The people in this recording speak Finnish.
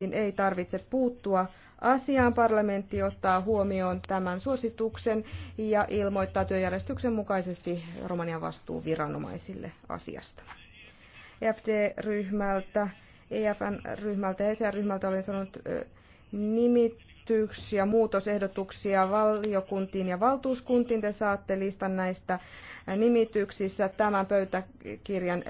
Niin ei tarvitse puuttua asiaan. Parlamentti ottaa huomioon tämän suosituksen ja ilmoittaa työjärjestyksen mukaisesti Romanian vastuu viranomaisille asiasta. eft ryhmältä EFN-ryhmältä ja ESR-ryhmältä olen sanonut nimityksiä, muutosehdotuksia valiokuntiin ja valtuuskuntiin. Te saatte listan näistä nimityksissä tämän pöytäkirjan